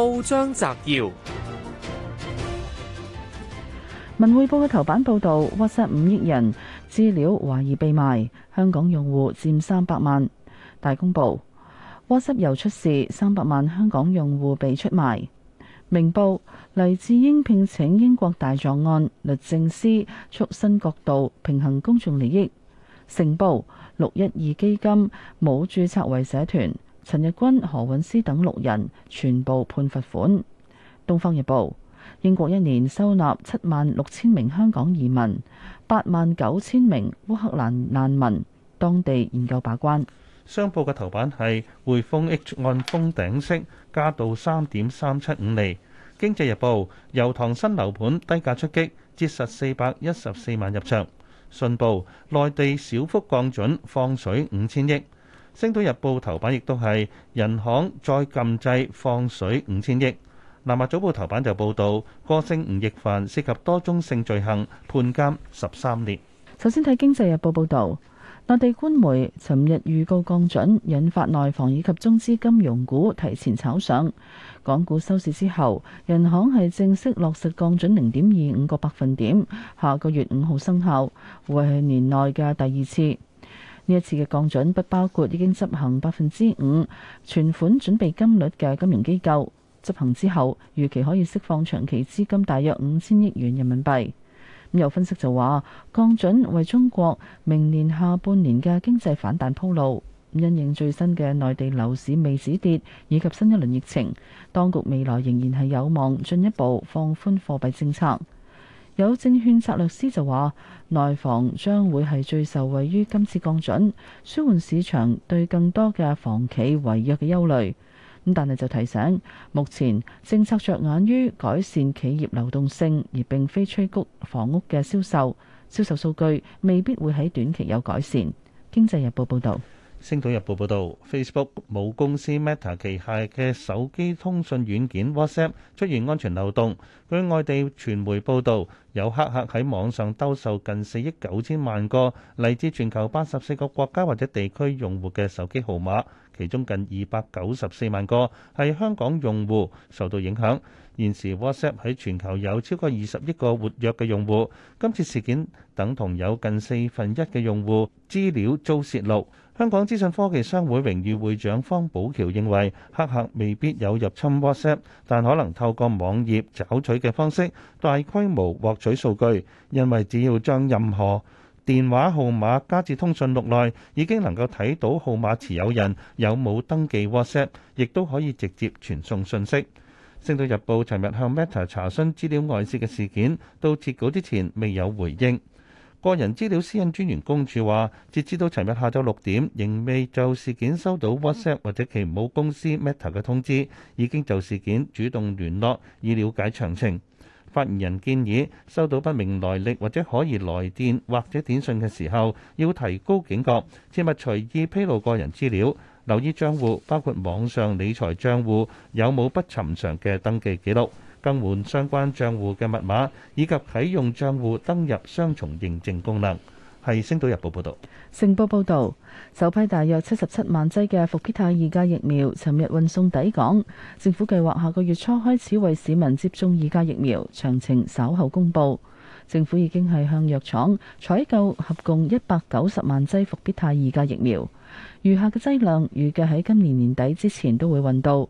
報章摘要：《文匯報》嘅頭版報道，WhatsApp 五億人資料懷疑被賣，香港用戶佔三百萬。大公報：WhatsApp 又出事，三百萬香港用戶被出賣。明報：黎智英聘請英國大狀案律政司，促新角度平衡公眾利益。成報：六一二基金冇註冊為社團。陳日君、何韻詩等六人全部判罰款。東方日報：英國一年收納七萬六千名香港移民，八萬九千名烏克蘭難民。當地研究把關。商報嘅頭版係匯豐 H 按封頂息加到三點三七五厘。經濟日報：油塘新樓盤低價出擊，折實四百一十四萬入場。信報：內地小幅降準，放水五千億。《星島日報》頭版亦都係人行再禁制放水五千億，《南華早報》頭版就報道歌星吳亦凡涉及多宗性罪行，判監十三年。首先睇《經濟日報》報導，內地官媒尋日預告降準，引發內房以及中資金融股提前炒上。港股收市之後，人行係正式落實降準零點二五個百分點，下個月五號生效，會係年內嘅第二次。呢一次嘅降準不包括已經執行百分之五存款準備金率嘅金融機構，執行之後，預期可以釋放長期資金大約五千億元人民幣。咁有分析就話，降準為中國明年下半年嘅經濟反彈鋪路。因應最新嘅內地樓市未止跌以及新一輪疫情，當局未來仍然係有望進一步放寬貨幣政策。有證券策略師就話，內房將會係最受惠於今次降準，舒緩市場對更多嘅房企違約嘅憂慮。咁但係就提醒，目前政策着眼於改善企業流動性，而並非催谷房屋嘅銷售，銷售數據未必會喺短期有改善。經濟日報報導。《星島日報》報導，Facebook 母公司 Meta 旗下嘅手機通訊軟件 WhatsApp 出現安全漏洞。據外地傳媒報導，有黑客喺網上兜售近四億九千萬個嚟自全球八十四個國家或者地區用戶嘅手機號碼，其中近二百九十四萬個係香港用戶受到影響。現時 WhatsApp 喺全球有超過二十億個活躍嘅用戶，今次事件等同有近四分一嘅用戶資料遭泄露。香港資訊科技商會榮譽會長方保僑認為，黑客未必有入侵 WhatsApp，但可能透過網頁找取嘅方式，大規模獲取數據。因為只要將任何電話號碼加至通訊錄內，已經能夠睇到號碼持有人有冇登記 WhatsApp，亦都可以直接傳送信息。星島日報尋日向 Meta 查詢資料外泄嘅事件，到截稿之前未有回應。個人資料私隱專員公署話：截至到尋日下晝六點，仍未就事件收到 WhatsApp 或者其母公司 Meta 嘅通知，已經就事件主動聯絡以了解詳情。發言人建議收到不明來歷或者可疑來電或者短信嘅時候，要提高警覺，切勿隨意披露個人資料，留意帳戶包括網上理財帳戶有冇不尋常嘅登記記錄。更換相關賬戶嘅密碼，以及啟用賬戶登入雙重認證功能。係《星島日報》報道。成報報道，首批大約七十七萬劑嘅復必泰二價疫苗尋日運送抵港，政府計劃下個月初開始為市民接種二價疫苗，詳情稍後公布。政府已經係向藥廠採購合共一百九十萬劑復必泰二價疫苗，餘下劑餘下嘅劑量預計喺今年年底之前都會運到。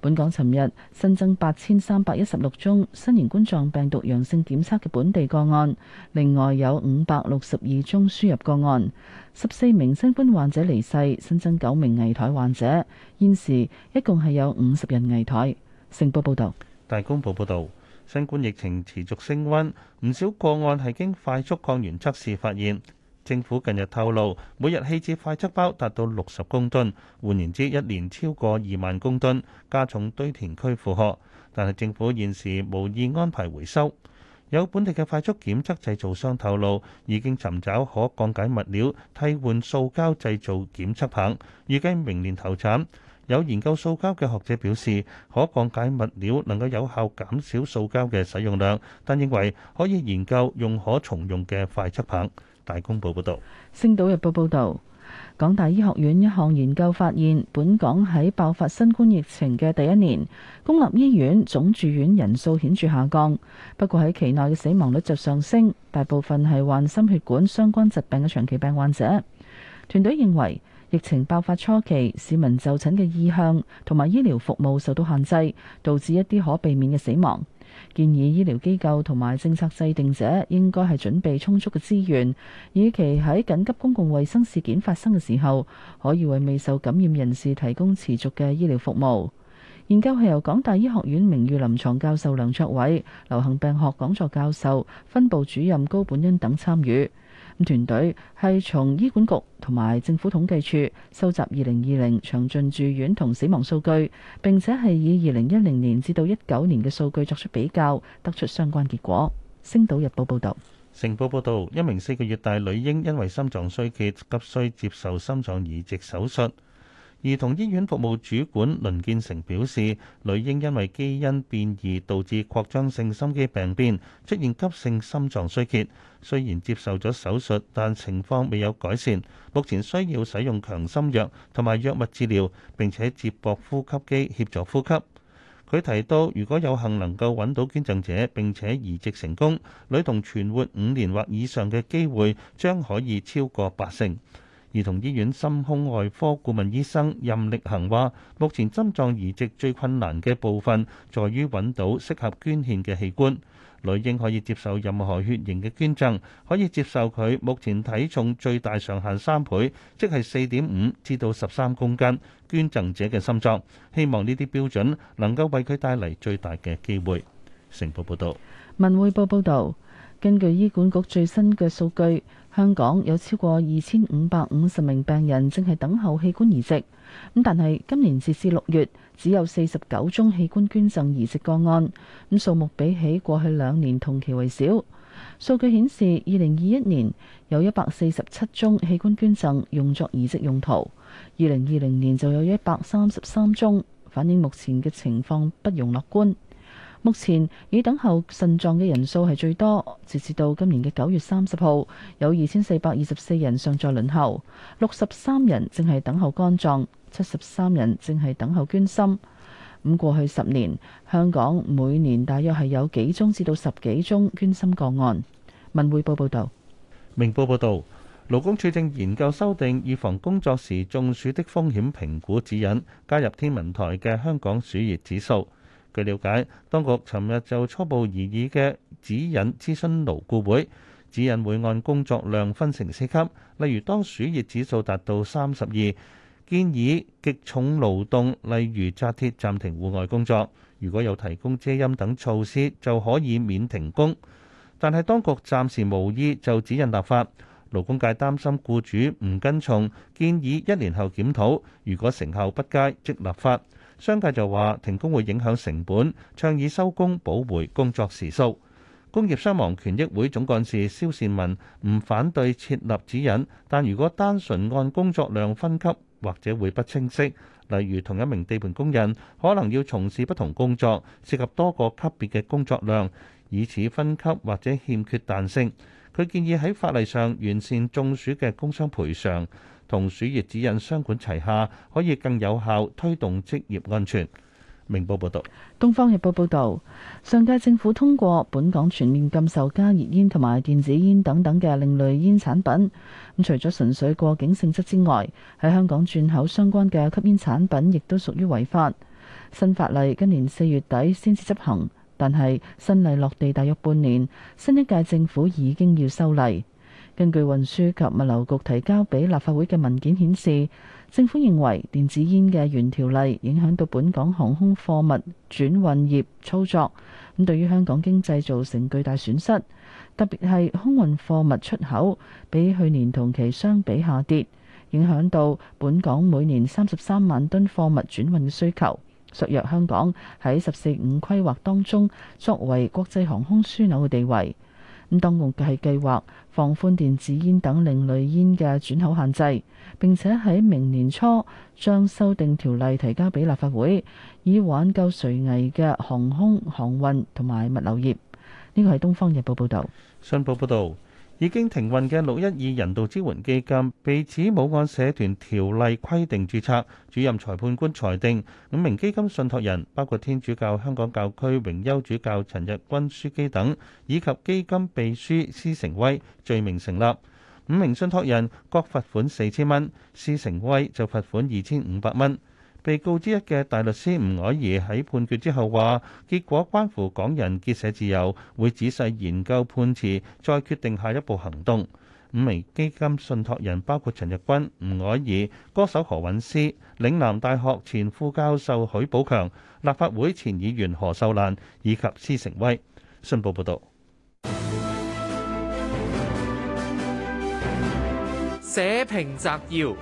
本港尋日新增八千三百一十六宗新型冠狀病毒陽性檢測嘅本地個案，另外有五百六十二宗輸入個案，十四名新冠患者離世，新增九名危殆患者，現時一共係有五十人危殆。成報報道，大公報報道，新冠疫情持續升溫，唔少個案係經快速抗原測試發現。政府近日透露，每日棄置快測包達到六十公噸，換言之，一年超過二萬公噸，加重堆填區負荷。但係政府現時無意安排回收。有本地嘅快速檢測製造商透露，已經尋找可降解物料替換塑膠製造檢測棒，預計明年投產。有研究塑膠嘅學者表示，可降解物料能夠有效減少塑膠嘅使用量，但認為可以研究用可重用嘅快測棒。大公報報道，《星島日報》報道，港大醫學院一項研究發現，本港喺爆發新冠疫情嘅第一年，公立醫院總住院人數顯著下降，不過喺期內嘅死亡率就上升，大部分係患心血管相關疾病嘅長期病患者。團隊認為，疫情爆發初期，市民就診嘅意向同埋醫療服務受到限制，導致一啲可避免嘅死亡。建議醫療機構同埋政策制定者應該係準備充足嘅資源，以期喺緊急公共衛生事件發生嘅時候，可以為未受感染人士提供持續嘅醫療服務。研究係由港大醫學院名譽臨床教授梁卓偉、流行病學講座教授、分部主任高本恩等參與。團隊係從醫管局同埋政府統計處收集二零二零詳盡住院同死亡數據，並且係以二零一零年至到一九年嘅數據作出比較，得出相關結果。星島日報報道：「成報報道，一名四個月大女嬰因為心臟衰竭，急需接受心臟移植手術。兒童醫院服務主管林建成表示，女嬰因為基因變異導致擴張性心肌病變，出現急性心臟衰竭。雖然接受咗手術，但情況未有改善。目前需要使用強心藥同埋藥物治療，並且接駁呼吸機協助呼吸。佢提到，如果有幸能夠揾到捐贈者並且移植成功，女童存活五年或以上嘅機會將可以超過八成。兒童醫院心胸外科顧問醫生任力恒話：目前心臟移植最困難嘅部分，在於揾到適合捐獻嘅器官。女嬰可以接受任何血型嘅捐贈，可以接受佢目前體重最大上限三倍，即係四點五至到十三公斤捐贈者嘅心臟。希望呢啲標準能夠為佢帶嚟最大嘅機會。成報報道。文匯報報道，根據醫管局最新嘅數據。香港有超過二千五百五十名病人正係等候器官移植，咁但係今年截至六月只有四十九宗器官捐贈移植個案，咁數目比起過去兩年同期為少。數據顯示，二零二一年有一百四十七宗器官捐贈用作移植用途，二零二零年就有一百三十三宗，反映目前嘅情況不容樂觀。目前已等候腎臟嘅人數係最多，截至到今年嘅九月三十號，有二千四百二十四人尚在輪候，六十三人正係等候肝臟，七十三人正係等候捐心。咁過去十年，香港每年大約係有幾宗至到十幾宗捐心個案。文匯報報道，明報報道，勞工處正研究修訂預防工作時中暑的風險評估指引，加入天文台嘅香港暑熱指數。據了解，當局尋日就初步擬議嘅指引諮詢勞顧會，指引會按工作量分成四級。例如，當暑熱指數達到三十二，建議極重勞動，例如紮鐵，暫停戶外工作。如果有提供遮陰等措施，就可以免停工。但係當局暫時無意就指引立法，勞工界擔心雇主唔跟從，建議一年後檢討。如果成效不佳，即立法。商界就話停工會影響成本，倡議收工補回工作時數。工業傷亡權益會總幹事蕭善文唔反對設立指引，但如果單純按工作量分級，或者會不清晰。例如同一名地盤工人可能要從事不同工作，涉及多個級別嘅工作量，以此分級或者欠缺彈性。佢建議喺法例上完善中暑嘅工傷賠償。同鼠疫指引雙管齊下，可以更有效推動職業安全。明報報道，東方日報報道，上屆政府通過本港全面禁售加熱煙同埋電子煙等等嘅另類煙產品。咁除咗純粹過境性質之外，喺香港轉口相關嘅吸煙產品亦都屬於違法。新法例今年四月底先至執行，但係新例落地大約半年，新一屆政府已經要修例。根據運輸及物流局提交俾立法會嘅文件顯示，政府認為電子煙嘅原條例影響到本港航空貨物轉運業操作，咁對於香港經濟造成巨大損失，特別係空運貨物出口比去年同期相比下跌，影響到本港每年三十三萬噸貨物轉運嘅需求，削弱香港喺十四五規劃當中作為國際航空樞紐嘅地位。咁當局係計劃放寬電子煙等另類煙嘅轉口限制，並且喺明年初將修訂條例提交俾立法會，以挽救垂危嘅航空、航運同埋物流業。呢個係《東方日報》報道，《新報》報道。已經停運嘅六一二人道支援基金被指冇按社團條例規定註冊，主任裁判官裁定五名基金信託人，包括天主教香港教區榮休主教陳日君樞機等，以及基金秘書施成威，罪名成立。五名信託人各罰款四千蚊，施成威就罰款二千五百蚊。被告之一嘅大律師吳靄儀喺判決之後話，結果關乎港人結社自由，會仔細研究判詞，再決定下一步行動。五名基金信託人包括陳日君、吳靄儀、歌手何韻詩、嶺南大學前副教授許寶強、立法會前議員何秀蘭以及施成威。信報報道。社評摘要。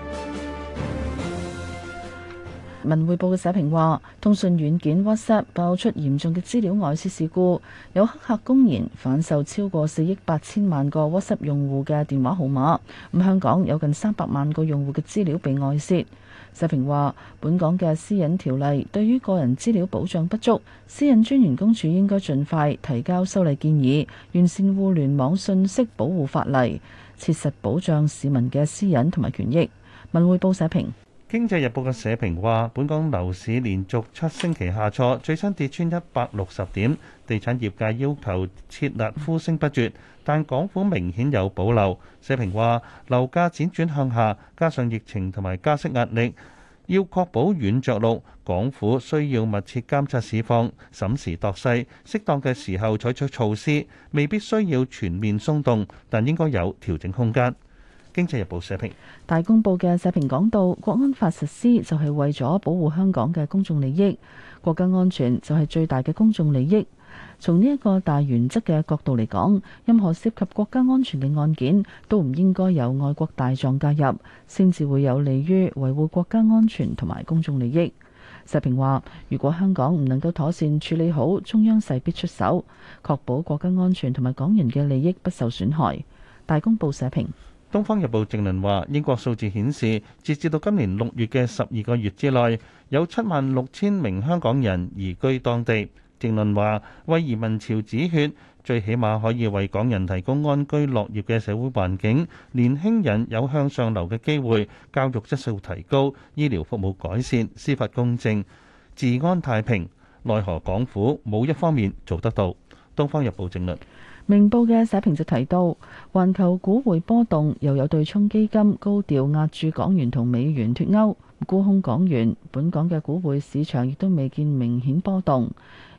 文匯報嘅社評話，通訊軟件 WhatsApp 爆出嚴重嘅資料外泄事故，有黑客公然販售超過四億八千萬個 WhatsApp 用戶嘅電話號碼。咁香港有近三百萬個用戶嘅資料被外泄。社評話，本港嘅私隱條例對於個人資料保障不足，私隱專員公署應該盡快提交修例建議，完善互聯網信息保護法例，切實保障市民嘅私隱同埋權益。文匯報社評。經濟日報嘅社評話：本港樓市連續七星期下挫，最新跌穿一百六十點，地產業界要求設立呼聲不絕，但港府明顯有保留。社評話，樓價輾轉向下，加上疫情同埋加息壓力，要確保軟着陸，港府需要密切監察市況，審時度勢，適當嘅時候採取措施，未必需要全面鬆動，但應該有調整空間。經濟日報社評。大公報嘅社評講到，國安法實施就係為咗保護香港嘅公眾利益，國家安全就係最大嘅公眾利益。從呢一個大原則嘅角度嚟講，任何涉及國家安全嘅案件都唔應該由外國大狀介入，先至會有利於維護國家安全同埋公眾利益。社評話：如果香港唔能夠妥善處理好，中央勢必出手，確保國家安全同埋港人嘅利益不受損害。大公報社評。《東方日報》正論話：英國數字顯示，截至到今年六月嘅十二個月之內，有七萬六千名香港人移居當地。正論話：為移民潮止血，最起碼可以為港人提供安居樂業嘅社會環境，年輕人有向上流嘅機會，教育質素提高，醫療服務改善，司法公正、治安太平。奈何港府冇一方面做得到，《東方日報》正論。明報嘅社評就提到，環球股匯波動，又有對沖基金高調壓住港元同美元脫鈎，沽空港元，本港嘅股匯市場亦都未見明顯波動。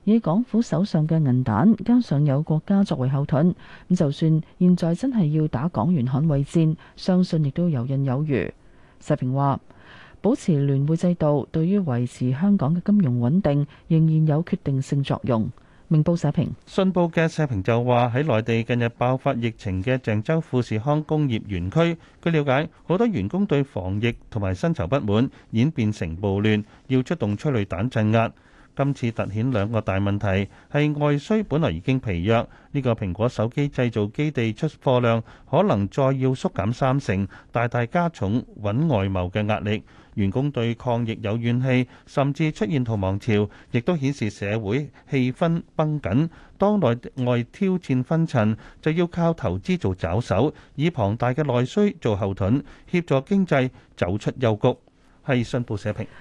以港府手上嘅銀彈，加上有國家作為後盾，咁就算現在真係要打港元捍衛戰，相信亦都遊刃有餘。社評話，保持聯匯制度對於維持香港嘅金融穩定仍然有決定性作用。信報社評，信報嘅社評就話：喺內地近日爆發疫情嘅鄭州富士康工業園區，據了解，好多員工對防疫同埋薪酬不滿，演變成暴亂，要出動催淚彈鎮壓。今次突顯兩個大問題，係外需本來已經疲弱，呢個蘋果手機製造基地出貨量可能再要縮減三成，大大加重穩外貿嘅壓力。員工對抗疫有怨氣，甚至出現逃亡潮，亦都顯示社會氣氛繃緊。當內外挑戰紛陳，就要靠投資做抓手，以龐大嘅內需做後盾，協助經濟走出幽谷。係信報社評。